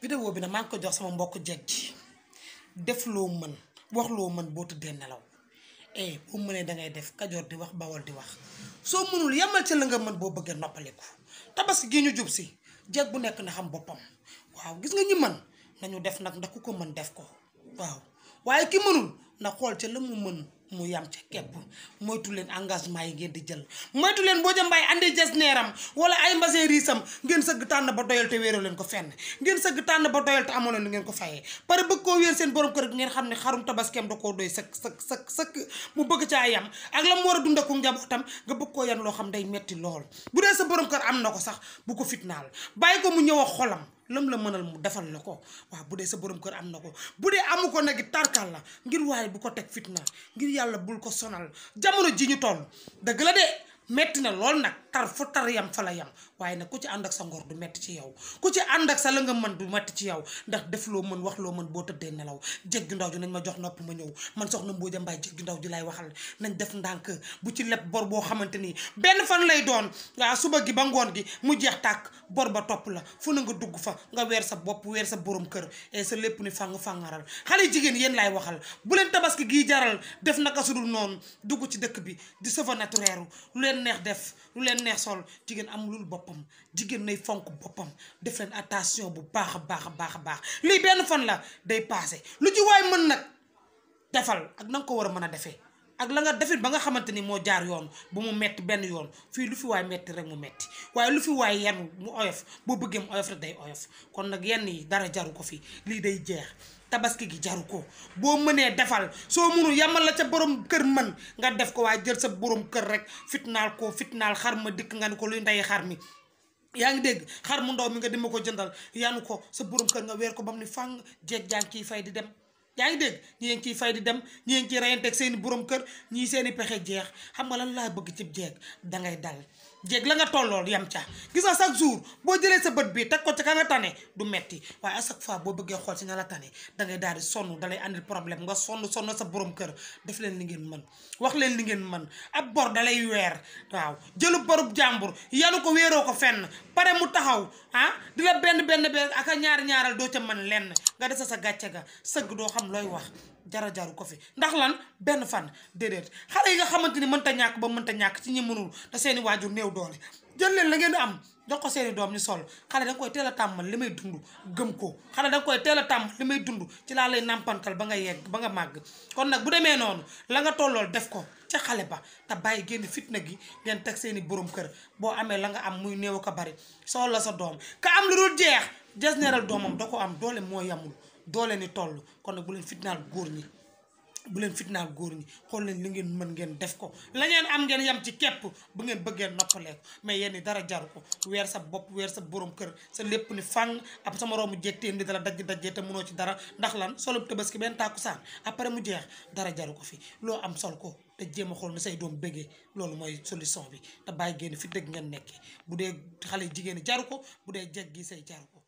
vidéo bi nag maa ngi ko jox sama mbokk jeg ji def loo mën wax loo mën boo tëddee nelaw eh bu mënee da ngay def kajoor di wax bawol di wax soo mënul yemal ci la nga mën boo bëggee noppaliku tabaski gi ñu jub si jeg bu nekk na xam boppam waaw gis nga ñi mën nañu def nag ndax ku ko mën def ko waaw waaye ki mënul na xool ca la mu mën. mu yam ca kepp moytu leen engagement yi ngeen di jël moytu leen boo jëmbaay andi jas neeram wala ay mbasin riisam ngeen sëgg tànn ba doyal te wéeroo leen ko fenn ngeen sëgg tànn ba doyal te amoo leen lu ngeen ko fayee pare bëgg koo wéer seen borom kër ngeen xam ne xarum tabaskeem da koo doy sëkk sëkk sëkk sëkk mu bëgg caa yam ak la mu war a dund ak njabootam nga bëgg koo yan loo xam day metti lool bu dee sa borom kër am na ko sax bu ko fitnaal bàyyi ko mu ñëw a xolam lam la mënal mu defal la ko waaw bu dee sa borom kër am na ko bu dee amu ko nag tarkal la ngir waaye bu ko teg fitna ngir yàlla bul ko sonal jamono ji ñu toll dëgg la de metti na lool nag. tar fu tar yam fa la yam waaye nag ku ci ànd ak sa ngor du metti ci yow ku ci ànd ak sa la nga mën du metti ci yow ndax def loo mën wax loo mën boo tëddee nelaw jéggi ndaw ji nañ ma jox nopp ma ñëw man soxna Mbodj Mbaye jéggi ndaw ji lay waxal nañ def ndànk bu ci leb bor boo xamante ni benn fan lay doon waaw suba gi ba ngoon gi mu jeex tàkk bor ba topp la fu na nga dugg fa nga weer sa bopp weer sa borom kër sa lépp ni fàng fàngaral xale jigéen yéen laay waxal bu leen tabaski gii jaral def naka sudul noonu dugg ci dëkk bi di sëfa naturel lu leen neex sol jigéen amulul boppam jigéen nay fonk boppam def leen attention bu baax a baax a baax a baax lii benn fan la day paase lu ci waay mën na defal ak na ko war a mën a defee ak la nga defit ba nga xamante ni moo jaar yoon bu mu metti benn yoon fii lu fi waay metti rek mu metti waaye lu fi waay yan mu oyof boo bëggee mu oyof rek day oyof kon nag yenn yi dara jaru ko fi lii day jeex tabaski gi jaru ko boo mënee defal soo mënu yamal la ca borom kër mën nga def ko waaye jël sa borom kër rek fitnaal ko fitnaal xar ma dikk nga ni ko luy ndey xar mi yaa ngi dégg xar mu ndaw mi nga dima ko jëndal yanu ko sa borom kër nga weer ko bam ni fang jeeg jaan kii fay di dem yaa ngi dégg ñii ngi ciy fay di dem ñii ngi ciy reyanteeg seen i borom kër ñii seeni pexe jeex xam nga lan laa bëgg cib jeeg da ngay dal. jéeg la nga tollool yam ca gis nga chaque boo jëlee sa bët bii teg ko ci ka nga tane du metti waaye à chaque fois boo bëggee xool si nga la tane da ngay daal di sonn da lay andil nga sonn sonn sa borom kër def leen li ngeen mën wax leen li ngeen mën ab bor da weer waaw jëlu borub jàmbur yanu ko wéeroo ko fenn pare mu taxaw ah di la benn benn benn ak ñaari ñaaral doo ca mën lenn nga dese sa gàcce ga sëgg doo xam looy wax jara jaru ko fi ndax lan benn fan déedéet xale yi nga xamante ni mënta ñàkk ba mënta ñàkk ci ñi mënul te seeni waajur neew néew doole jël leen la ngeen am jox ko seeni doom ñu sol xale da nga koy teel a tàmmal li may dund gëm ko xale da nga koy teel a tàmmal li may dund ci laa lay nàmpantal ba nga yegg ba nga màgg kon nag bu demee noonu la nga tollool def ko ca xale ba te bàyyi génn fitna gi ngeen teg seeni borom kër boo amee la nga am muy néew ko bari sol la sa doom ka am lu dul jeex des neeral doomam da ko am doole moo yamul doole ni toll kon nag bu leen fitnaal góor ñi bu leen fitnaal góor ñi xool leen li ngeen mën ngeen def ko la ngeen am ngeen yam ci kepp bu ngeen bëggee noppaleeku mais yenn dara jaru ko weer sa bopp weer sa boroom kër sa lépp ni fang ab sama roomu jégteen di dala dajj dajjee te mënoo ci dara ndax lan solo tabaski benn tàkkusaan après mu jeex dara jaru ko fi loo am sol ko te jéem a xool na say doom bëggee loolu mooy solution bi te bàyyi génn fi dëgg ngeen nekkee bu dee xale jigéen jaru ko bu dee jeg gi say jaru